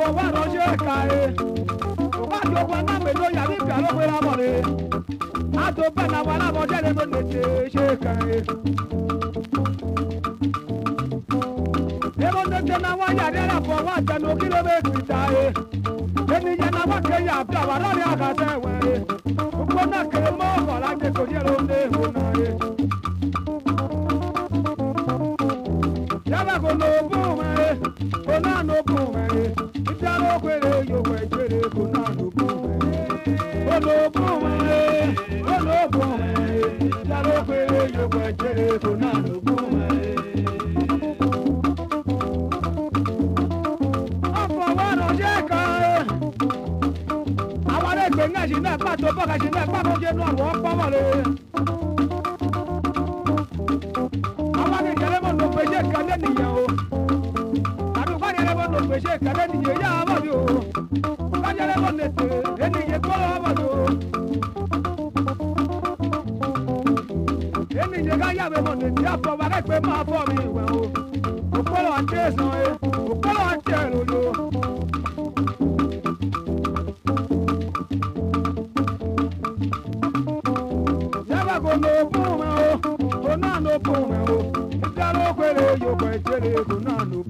bo wa no je kae wa do wa na me do ya ni pia lo we la mo re a do pa na wa la mo je le mo ne te je kae e mo te te na wa ya re la bo wa ta no kilo be ku ta e e ni ya na wa ke ya pia wa ra re aga te we ko na ke mo kò náà ló kún wẹ̀rẹ̀ ìjà ló péré yòówẹ̀ ìjẹ̀rẹ̀ kò náà ló kún wẹ̀rẹ̀ kò ló kún wẹ̀rẹ̀ kò ló kún wẹ̀rẹ̀ ìjà ló péré yòówẹ̀ ìjẹ̀rẹ̀ kò náà ló kún wẹ̀rẹ̀. ŋa si ne kpa to bɔ ka si ne kpa ko je nu awɔ kpɔmɔ le. awa ni jɛlɛ mo nu pe je ka ne ni ya o ṣe kẹlẹ nìyẹn yá wà mí o kájẹlẹ bọ nètè ènìyàn kọlọ wà mí o ènìyàn káyà mi mọ nètè àpò wà kẹpẹ máa bọ mi ìwẹ o òkọlọ àti ẹsàn ẹ òkọlọ àti ẹrọlọ. yàrá kò lò ó fún mi o kò náà lò ó fún mi